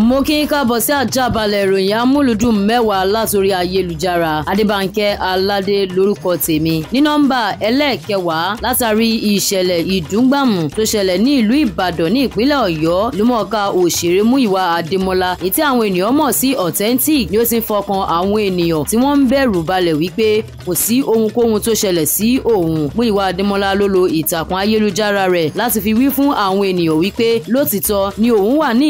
mo kí n káàbọ̀ sí àjábalẹ̀ ìròyìn amúlùdùn mẹ́wàá látòrí ayélujára adébánkẹ́ aládé lórúkọ tèmi ní nọ́mbà ẹlẹ́ẹ̀kẹwàá látàrí ìṣẹ̀lẹ̀ ìdúngbàmù tó ṣẹlẹ̀ ní ìlú ìbàdàn ní ìpínlẹ̀ ọ̀yọ́ lúmọ̀ọ́ká òṣèré múyìwá adémọ́lá ètí àwọn ènìyàn mọ̀ sí authentic ni ó ti ń fọkàn àwọn ènìyàn tí wọ́n ń bẹ̀rù balẹ̀ wípé kò sí ohunkóhun tó ṣẹlẹ̀ sí òun múyìwá adémọ́lá ló lo ìtàkùn ayélujára rẹ̀ láti fi ni òun wà ní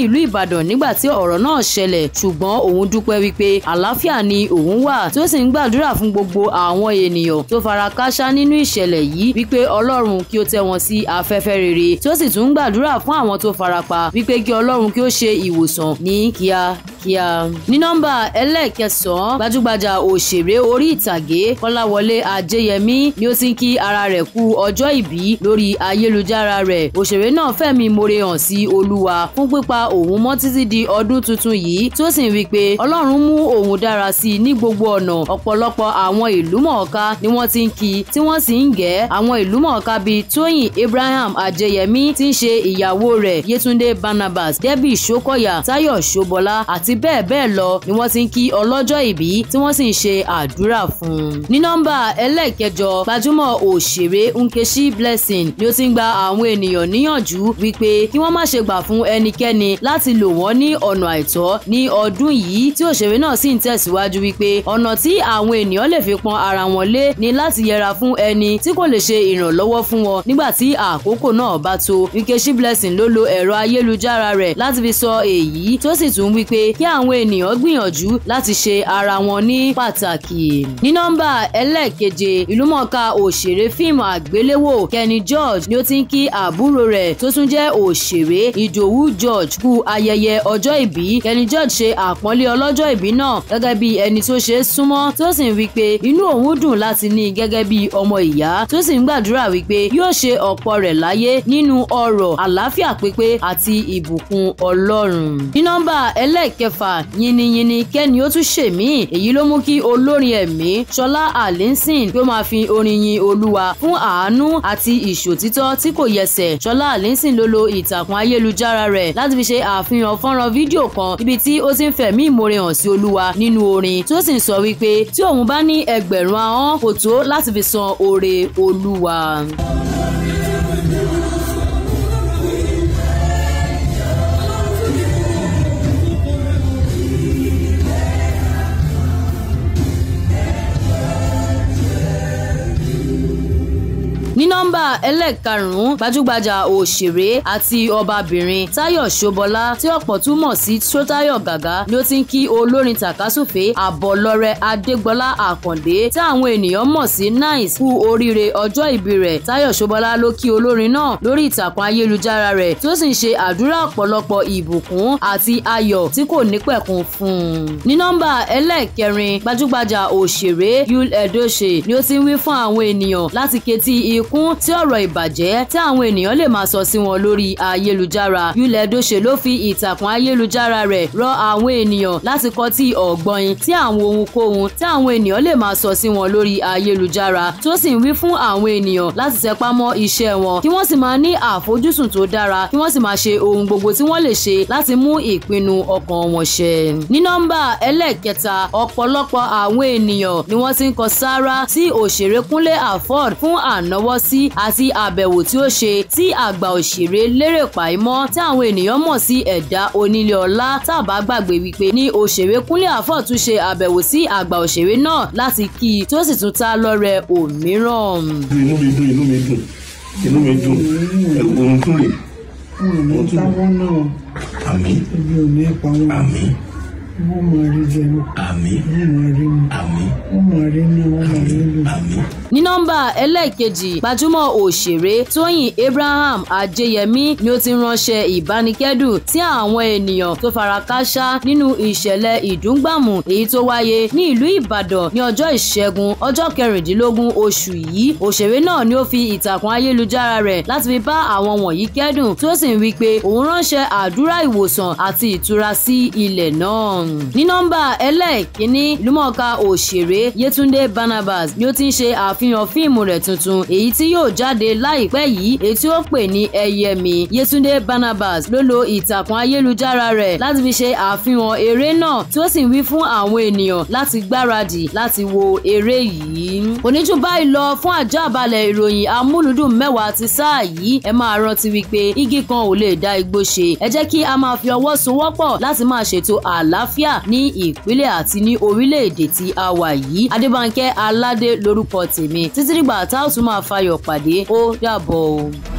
tí ọ̀rọ̀ náà ṣẹlẹ̀ ṣùgbọ́n òun dúpẹ́ wípé àlàáfíà ni òun wà tí ó sì ń gbàdúrà fún gbogbo àwọn ènìyàn tó fara kááṣá nínú ìṣẹ̀lẹ̀ yìí wípé ọlọ́run kí ó tẹ́ wọn sí afẹ́fẹ́ rere tí ó sì tún gbàdúrà fún àwọn tó farapa wípé kí ọlọ́run kí ó ṣe ìwòsàn ní kíá kíákíá. ní nọ́mbà ẹlẹ́ẹ̀kẹsàn-án gbajúgbajà òṣèré orí ìtàgé kọ́láwọlé ajéyẹmí ni ó ti ń kí ara rẹ̀ kú ọjọ́ ìbí lórí ayélujára rẹ̀ òṣèré náà fẹ̀mí ìmoore hàn sí olúwa fún pípa òun mọ́ títí di ọdún tuntun yìí tí ó sì ń wí pé ọlọ́run mú òun dára sí i ní gbogbo ọ̀nà ọ̀pọ̀lọpọ̀ àwọn ìlúmọ̀ọ́ká ni wọ́n ti ń kí tí wọ́n sì ń gẹ́ àwọn ìlúmọ̀ọ́ká bíi tóyìn ibrahim ajéyẹmí ti ń ṣe ìyàwó rẹ̀ yétúndé barnabas debbie sokoya tayo sobola àti bẹ́ẹ̀ bẹ́ẹ̀ lọ ni wọ́n ti ń kí ọlọ́jọ́ ìbí tí wọ́n sì ń ṣe àdúrà fún un. ní nọ́mbà ẹlẹ́ẹ̀kẹjọ gbajúmọ̀ òṣèré Nkechi Blessing ni ó ti ń gba àwọn ènìyàn níyànjú wípé kí wọ́n má ṣe gbà fún ẹnikẹ́ni láti lò wọ́n ní ọ̀nà àìtọ́ ní ọdún yìí tí òṣèré náà sì ń tẹ̀síwájú wípé ọ̀nà tí àwọn ènìyàn lè fi pọn ara wọn lé ni láti yẹra fún ẹni tí kò lè ṣe ìrànlọ́wọ́ fún wọn nígbà tí àkókò náà bá tó Nkechi Blessing ló lo ẹ̀rọ ayélujára rẹ̀ láti fi sọ èyí tó sì tún wípé kí jẹ́ àwọn ènìyàn gbìyànjú láti ṣe ara wọn ní pàtàkì. ní nọ́mbà ẹlẹ́ẹ̀keje ìlúmọ̀ọ́ká òṣèré fíìmù àgbéléwò Kenny George ni ó ti ń kí àbúrò rẹ̀ tó tún jẹ́ òṣèré Ìdòwú George ku ayẹyẹ ọjọ́ ìbí Kenny George ṣe àpọ́nlé ọlọ́jọ́ ìbí náà gẹ́gẹ́ bí ẹni tó ṣe súnmọ́ tó sì ń wí pé inú òun dùn láti ní gẹ́gẹ́ bí ọmọ ìyá tó sì ń gbàdúrà wípé yóò ṣe ọ̀pọ̀ rẹ̀ láyé nínú ọrọ̀ àlàáfíà pípé àti ìbùkún Ọlọ́run. ní nọ́mbà ẹlẹ́ẹ̀kẹ kẹfà yìnyínyìnyín kẹ́ni ó tún ṣèmí èyí ló mú kí olórin ẹ̀mí ṣọlá àlínsìn kí máa fi orin yin olúwa fún àánú àti ìṣòtítọ́ tí kò yẹsẹ̀ ṣọlá alinsin ló lo ìtàkùn ayélujára rẹ̀ láti fi ṣe àfihàn fọ́nrán fídíò kan níbi tí ó ti ń fẹ̀mí ìmoore hàn sí olúwa nínú orin tí ó sì ń sọ wípé tí òun bá ní ẹgbẹ̀rún ahọ́n kò tó láti fi san oore olúwa. nọ́mbà ẹlẹ́ẹ̀karùn-ún gbajúgbajà òṣèré àti ọbabìnrin Táyọ̀ Ṣọbọlá tí ọ̀pọ̀ túmọ̀ sí Ṣótáyọ̀ Gàgá ni ó ti ń kí olórin tàkásùfé Àbọ̀lọ́rẹ̀ Adégbọlá Àkàndé tí àwọn ènìyàn mọ̀ sí Nice kú oríire ọjọ́ ìbí rẹ̀ Táyọ̀ Ṣọbọlá ló kí olórin náà lórí ìtàkùn ayélujára rẹ̀ tí ó sì ń ṣe àdúrà ọ̀pọ̀lọpọ̀ ìbùkún àti ayọ̀ tí kò ní pẹ̀kun fún un. ní nọ́mbà ẹlẹ́ẹ̀kẹrin gbajúgbajà òṣèré Yul edoche ni ó ti ń wí fún àwọn ènìyàn láti ketí ikún kún tí ọ̀rọ̀ ìbàjẹ́ tí àwọn ènìyàn lè máa sọ sí wọn lórí ayélujára Yuledoche ló fi ìtàkùn ayélujára rẹ̀ rọ àwọn ènìyàn láti kọtí ọ̀gbọ́in tí àwọn ohunkóhun tí àwọn ènìyàn lè máa sọ sí wọn lórí ayélujára tó sì ń wí fún àwọn ènìyàn láti tẹpá mọ́ iṣẹ́ wọn kí wọ́n sì máa ní àfojúsùn tó dára kí wọ́n sì máa ṣe ohun gbogbo tí wọ́n lè ṣe láti mú ìpinnu ọkàn wọn ṣẹ. ní nọ́mbà ẹlẹ́ẹ̀kẹta ọ̀pọ̀lọpọ̀ àwọn ènìyàn ni wọ́n ti ń kọ sáárá sí òṣèré Kúnlé Afọ́d fún ànáwọ́ sí sí àti àbẹ̀wò tí ó ṣe tí àgbà òṣèré Lérè Pàímọ́ tí àwọn ènìyàn mọ̀ sí ẹ̀dá onílé ọlá tàbá gbàgbé wípé ní òṣèré Kúnlé Àfọ̀ tún ṣe àbẹ̀wò sí àgbà òṣèré náà láti kí i tó sì tún ta lọ́rẹ òmíràn. inú mi dùn inú mi dùn inú mi dùn òun tún lè. tún lè. àmín àmín àmín àmín àmín. ní nọ́mbà ẹlẹ́ẹ̀kejì gbajúmọ̀ òṣèré tóyìn abraham ajẹyẹmí ni ó ti ránṣẹ́ ìbánikẹ́dùn sí àwọn ènìyàn tó fara kááṣá nínú ìṣẹ̀lẹ̀ ìdúngbàmù èyí tó wáyé ní ìlú ìbàdàn ní ọjọ́ ìṣẹ́gun ọjọ́ kẹrìndínlógún oṣù yìí òṣèré náà ni ó fi ìtàkùn ayélujára rẹ̀ láti fi bá àwọn wọ̀nyí kẹ́dùn tó sì ń wí pé òun ránṣẹ́ àdúrà ìwòsàn àti ìtura sí ilẹ̀ náà ní nọ́mbà ẹlẹ́ẹ̀ ìkíní ìlúmọ̀ọ́ká òṣèré Yétúndé Barnabas ni ó ti ń ṣe àfihàn fíìmù rẹ̀ tuntun èyí tí yóò jáde láìpẹ́ yìí èyí tí ó pè ní ẹyẹ mi Yétúndé Barnabas ló lo ìtàkùn ayélujára rẹ̀ láti fi ṣe àfihàn eré náà tí ó sì ń wí fún àwọn ènìyàn láti gbáradì láti wo eré yìí oníjú báyìí lọ fún àjàbalẹ̀ ìròyìn amúlùdùn mẹ́wàá ti sáà yìí ẹ máa rántí wípé igi kan ò lè dá igbó ṣe ẹ jẹ́ kí a máa fi ọwọ́ sowọ́pọ̀ láti máa ṣètò àlàáfíà ní ìpínlẹ̀ àti sí ní orílẹ̀-èdè tí a wà yìí Adébánkẹ́ Aládé lórúkọ tèmi títí nígbà tá a tún máa fayọ̀ pàdé ó dàbọ̀ o.